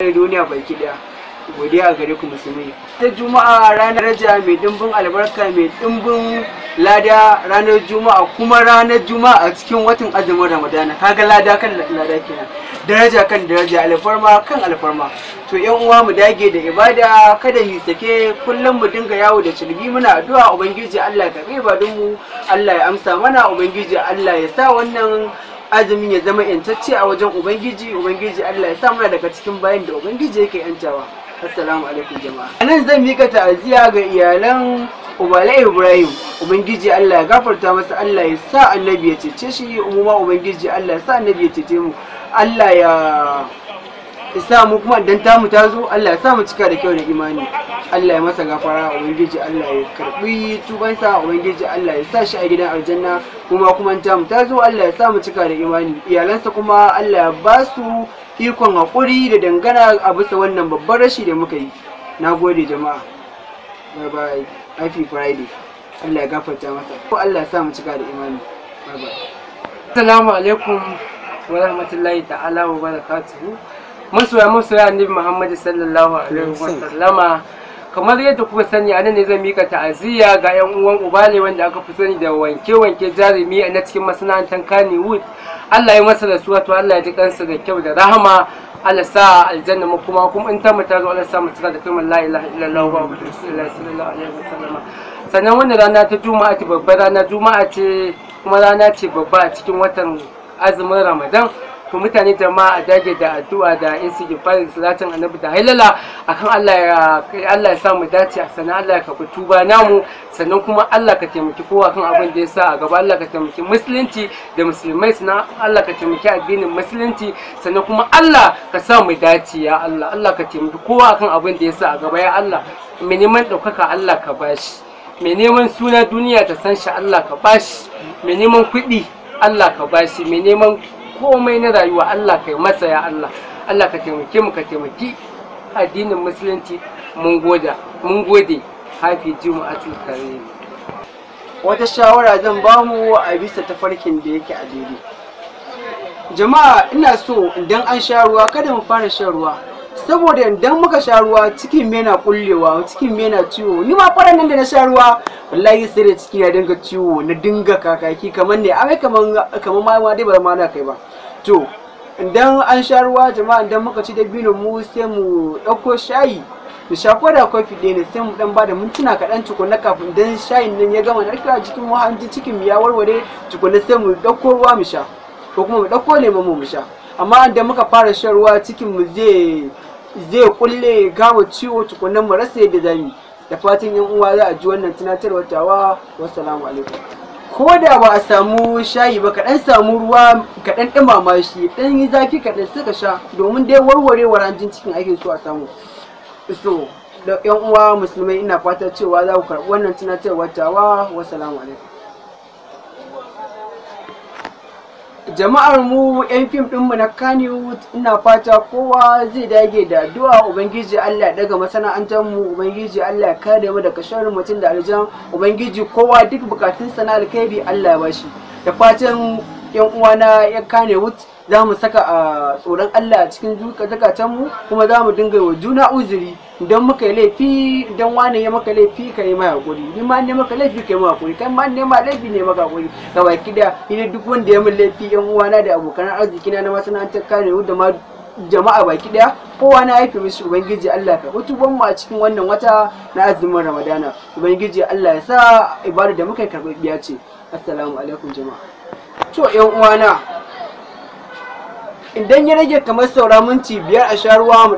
da duniya baki daya godiya a gare ku musulmi ta juma'a ranar daraja mai dimbin albarka mai dimbin lada ranar juma'a kuma ranar juma'a a cikin watan azumin ramadana kaga lada kan lada kenan daraja kan daraja alfarma kan alfarma to yan uwa mu dage da ibada kada mu sake kullum mu dinga yawo da cilbi muna addu'a ubangiji Allah ya karbe ba mu Allah ya amsa mana ubangiji Allah ya sa wannan azumin ya zama yantacce a wajen ubangiji ubangiji Allah ya sa daga cikin bayan da ubangiji yake yantawa assalamu alaikum jama'a anan zan mika ta'aziya ga iyalan Ubala Ibrahim, Ubangiji Allah ya gafarta masa Allah ya sa annabi ya cece shi, umuma Ubangiji Allah ya sa annabi ya cece mu, Allah ya sa mu kuma dan ta ta zo Allah ya sa mu cika da kyau da imani Allah ya masa gafara ubangiji Allah ya karbi tubansa ubangiji Allah ya sa shi a gidan aljanna kuma kuma jam ta zo Allah ya sa mu cika da imani iyalansa kuma Allah ya ba su ikon haƙuri da dangana a bisa wannan babban rashi da muka yi na gode jama'a bye bye happy friday Allah ya gafarta masa ko Allah ya sa mu cika da imani bye bye assalamu alaikum wa rahmatullahi ta'ala wa barakatuhu masoya masoya annabi Muhammad sallallahu alaihi wa sallama kamar yadda kuka sani a nan ne zai mika ta'aziyya ga yan uwan ubale wanda aka fi sani da wanke-wanke jarumi na cikin masana'antar kaniwood allah ya masa da suwa to allah ya ji kansa da kyau da rahama allah sa aljanna mu kuma kuma in ta mu ta zo allah sa mu cika da kalmar la ilaha illallah wa abdu sallallahu alaihi wasallam sannan wannan rana ta juma'a ce babbar rana juma'a ce kuma rana ce babba a cikin watan azumin ramadan to mutane jama'a a dage da addu'a da fara salatin annabi da hailala akan Allah ya Allah ya sa mu dace sannan Allah ya kafa tuba namu sannan kuma Allah ka taimaki kowa kan abin da ya sa a gaba Allah ka taimaki musulunci da musulmai sannan Allah ka taimaki addinin musulunci sannan kuma Allah ka sa mu dace ya Allah Allah ka taimaki kowa kan abin da ya sa a gaba ya Allah mai neman ɗaukaka Allah ka bashi mai neman suna duniya ta san shi Allah ka bashi mai neman kuɗi Allah ka bashi mai neman komai na rayuwa Allah kai masa ya Allah Allah ka taimake mu ka taimaki addinin musulunci mun goda mun gode hafi jumu'atul kare. wata shawara zan ba mu a bisa tafarkin da yake a daidai jama'a ina so idan an sha ruwa kada mu fara shan ruwa saboda idan muka sha ruwa cikin me na kullewa cikin me na ciwo ni ma fara nan da na sha ruwa wallahi sai da ciki ya dinga ciwo na dinga kakaki kamar ne ai kamar kamar ma ma dai ba ma na kai ba to idan an sha ruwa jama'a idan muka ci dabino mu sai mu dauko shayi mu sha da kofi ɗaya ne sai mu dan bada mintuna kaɗan tukunna kafin dan shayin nan ya gama narkewa cikin mu hanji cikin ya warware tukunna sai mu dauko ruwa mu sha ko kuma mu dauko lemon mu mu sha amma idan muka fara shan ruwa cikin mu zai zai kulle ya ciwo tukunan mu rasa yadda zami da fatan yan uwa za a ji wannan tunatarwar tawa wassalamu alaikum ko da ba a samu shayi ba kaɗan samu ruwa kaɗan ɗin mamashi, ɗan yi zafi kaɗan suka sha domin dai warwarewar hanjin cikin ake so a samu so da yan uwa musulmai ina fata cewa za ku karɓi wannan tunatarwar tawa wassalamu alaikum jama'ar mu yan fim din mu na Kannywood ina fata kowa zai dage da addu'a ubangiji Allah daga masana'antar mu ubangiji Allah ya kare mu daga shawarar mutum da aljan ubangiji kowa duk bukatun na alkhairi Allah ya bashi da fatan yan uwana ya Kannywood za mu saka a tsoron Allah a cikin zukatan mu kuma za mu dinga wa juna uzuri don muka yi laifi don wani ya maka laifi ka yi mai hakuri ni ma ne maka laifi ka yi mai hakuri kai ma ne ma laifi ne maka hakuri ga baki da ina duk wanda ya min laifi yan uwana da abokan arziki na na masana'antar kare da ma jama'a baki daya kowa na haifi mishi ubangiji Allah ka hutu mu a cikin wannan wata na azumin Ramadana ubangiji Allah ya sa ibada da muka karɓi biya ce assalamu alaikum jama'a to yan uwana idan ya rage kamar saura minti biyar a sha ruwa mu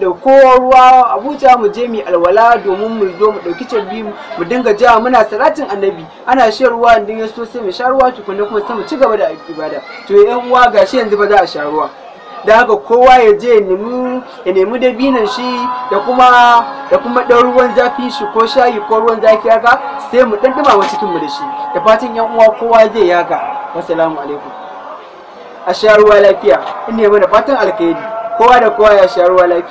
ɗauko ruwa abuja mu je mu alwala domin mu zo mu ɗauki cabi mu dinga jawa muna salatin annabi ana shan ruwa idan ya so sai mu sha ruwa tukunna kuma sai mu ci gaba da ibada to yan uwa gashi yanzu ba za a sha ruwa da haka kowa ya je ya nemi dabinan shi da kuma da kuma ɗan ruwan zafi shi ko shayi ko ruwan zafi haka sai mu ɗan ɗumama cikin mu da shi da fatan yan uwa kowa zai yaga wassalamu alaikum a sha ruwa lafiya inda ya mana fatan alkhairi kowa da kowa ya sha ruwa lafiya